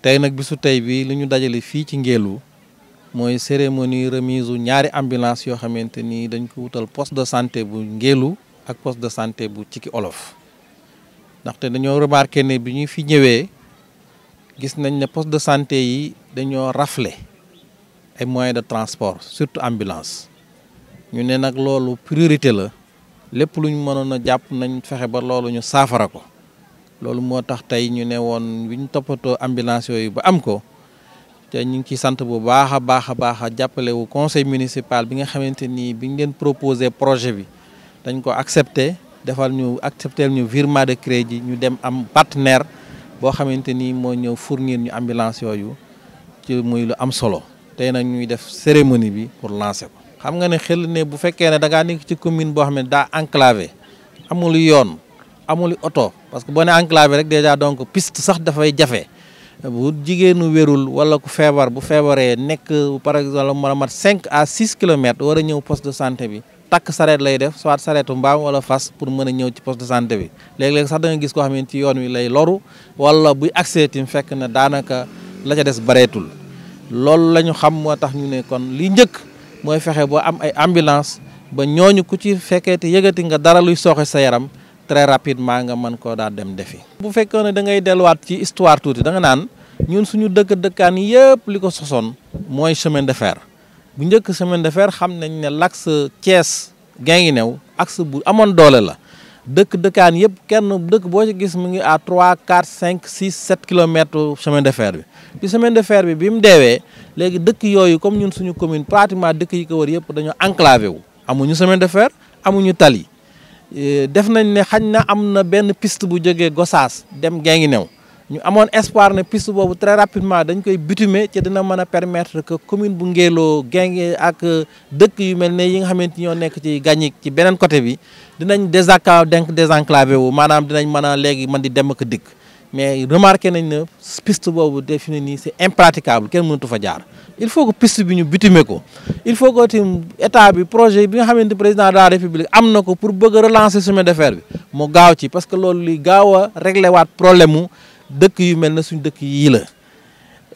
tey nag bisu tey bi li ñu dajale fii ci Ngélu mooy cérémonie remise u ñaari ambulance yoo xamante nii dañ ko wutal poste de santé bu Ngélu ak poste de santé bu Cikki Olof ndaxte dañoo remarqué ne bi ñu fi ñëwee gis nañ ne poste de santé yi dañoo rafle ay moyens de transport surtout ambulance ñu ne nag loolu priorité la lépp luñ ñu mënoon a jàpp nañ fexe ba loolu ñu saafara ko loolu moo tax tey ñu ne woon bi ñu toppatoo ambulance ba am ko te ñu ngi ciy bu baax a baax a baax wu conseil municipal bi nga xamante ni bi ñu leen proposé projet bi dañ ko defal ñu accepté ñu virement de crédit ñu dem am partenaire boo xamante ni moo ñëw fournir ñu ambulance yooyu ci muy lu am solo tey nag ñuy def cérémonie bi pour lancer ko. xam nga ne xel ne bu fekkee ne da ngaa nekk ci commune boo xam ne enclavé amul yoon amul parce que boo ne enclavé rek déjà donc piste sax dafay jafe bu jigéenu wérul wala ku feebar bu feebaree nekk par exemple mën a mat cinq à six kilomètres war a ñëw poste de santé bi takk sareet lay def soit sareetu mbaam wala fas pour mën a ñëw ci poste de santé bi léeg-léeg sax da gis ko xam ni ci yoon wi lay loru walla buy accès tim fekk na daanaka la ca des bareetul loolu la ñu xam moo tax ñu ne kon li njëkk mooy fexe boo am ay ambulance ba ñooñu ku ci fekkee te nga dara luy sooxe sa yaram très rapidement nga man ko da dem defi bu fekkone da ngay delluwaat ci histoire touti da nga nan ñun suñu deug deukan yépp liko soson moy chemin de fer bu ñëk chemin de fer xam nañ ne l'axe Thiès new axe bu amone doole la deuk deukan yëpp kenn deuk bo ci gis mu ngi à 3 4 5 6 7 km chemin de fer bi bi chemin de fer bi bim mu deewee deuk yoyu comme ñun suñu commune pratiquement deuk yi ko wër yëpp dañu enclavé wu amuñu chemin de fer amuñu tali Eh, def nañ ne xañ na am na benn piste bu jógee Gossas dem ngi new ñu amoon espoir ne piste boobu très rapidement dañ koy bitumer ci dina mën a permettre que commune bu Ngélo Guinguinéo ak euh, dëkk yu mel ne yi nga xamante ñoo nekk ci Gagnic ci beneen côté bi dinañ désenclavé désenclavé wu maanaam dinañ mën a léegi mën di dem ak dikk mais remarqué nañ ne piste boobu defi na nii c'est impraticable kenn mënatu fa jaar il faut que piste bi ñu bitumer ko il faut que tim état bi projet bi nga xamante président de la république am na ko pour bëgg a relancer chemin de fer bi mu gaaw ci parce que loolu luy gaaw a réglé waat problème mu dëkk yu mel ne suñ dëkk yii la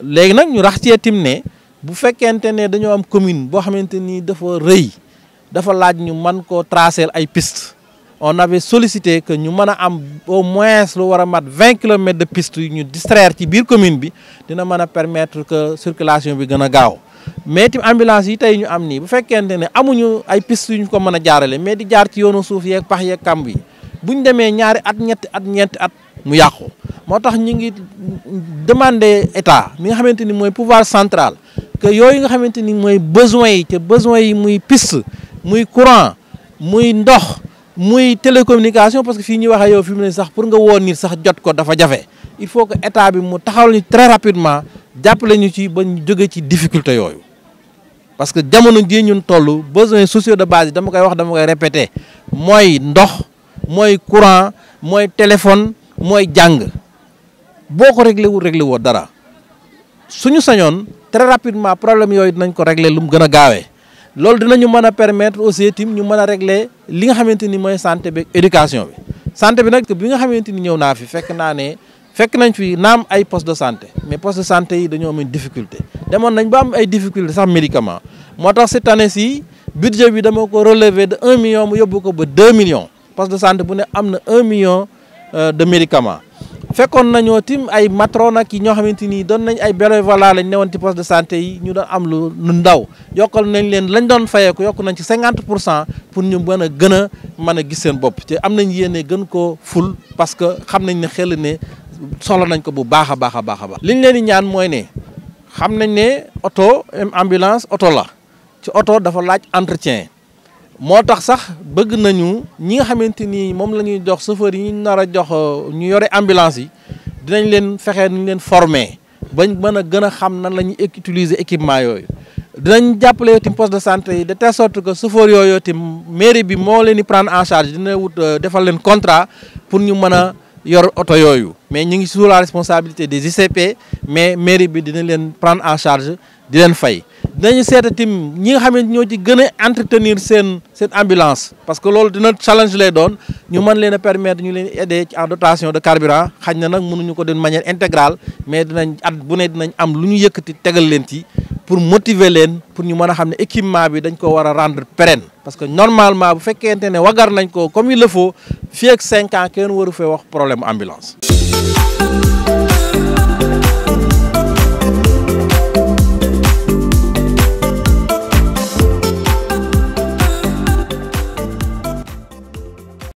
léegi nag ñu rax cee tim ne bu fekkente ne dañoo am commune boo xamante nii dafa rëy dafa laaj ñu man koo tracer ay piste on avait solicité que ñu mën a am au moins lu war a mat vingt kilomètres de piste yu ñu distraire ci biir commune bi dina mën a permettre que circulation bi gën a gaaw mais tamit ambulance yi tey ñu am nii bu fekkente ne amuñu ay piste yu ñu ko mën a jaarale mais di jaar ci yoonu suuf yeeg pax yeeg kàmb yi ñu demee ñaari at ñetti at ñeenti at mu yàqu moo tax ñu ngi demander état mi nga xamante ni mooy pouvoir central que yooyu nga xamante ni mooy besoin yi te besoin yi muy piste muy courant muy ndox muy télécommunication parce que fii ñuy waxee yow fi mu ne sax pour nga woon nit sax jot ko dafa jafe il faut que état bi mu taxaw ñu très rapidement jàppale ñu ci ba ñu jóge ci difficulté yooyu. parce que jamono jii ñun toll besoins sociaux de base yi dama koy wax dama koy répéter mooy ndox mooy courant mooy téléphone mooy jàng boo ko réglé wul réglé woo dara suñu sañoon très rapidement problème yooyu dinañ ko réglé lu mu gën a gaawee. lol dina mëna permettre aussi tim ñu régler li nga xamanteni moy santé bi éducation bi santé bi nak bi nga xamanteni ñew na fi na poste de santé mais poste de santé yi dañu am une difficulté des nañ médicaments. cette année-ci budget bi dama de 1 million mu 2 millions poste de santé bu 1 million euh, de médicaments fekkoon nañoo tim ay matron ak yi ñoo xamante nii doon nañ ay bénévolat lañ newoon ci poste de santé yi ñu doon am lu lu ndaw yokkal nañ leen lañ doon fayeeku yokk nañ ci 50 pour cent pour ñu mën a gën a mën a gis seen bopp te am nañ yéene gën koo ful parce que xam nañ ne xel ne soxla nañ ko bu baax a baax a baax a baax. liñ leen di ñaan mooy ne xam nañ ne oto ambulance oto la ci oto dafa laaj entretien. moo tax sax bëgg nañu ñi nga xamante nii moom la ñuy jox chauffeur yi ñu nar a jox euh, ñu yore ambulance yi dinañ leen fexe ñu leen former bañ mën a gën a xam nan la ñuy utiliser équipement yooyu. dinañ jàppale tim poste de santé yi de telle sorte que chauffeur yooyu tim mairie bi moo leen di prendre en charge dina wut euh, defal leen contrat pour ñu mën a yor oto yooyu. mais ñu ngi sous la responsabilité des ICP mais mairie bi dina leen prendre en charge di leen fay. Nous devons entretenir cette ambulance parce que c'est notre challenge les doon ñu permettre aider en dotation de carburant nous avons manière intégrale mais nous avons bu dinañ pour motiver pour nous rendre rendre pérenne parce que normalement si on comme il le faut fii 5 ans nous avons problème d'ambulance.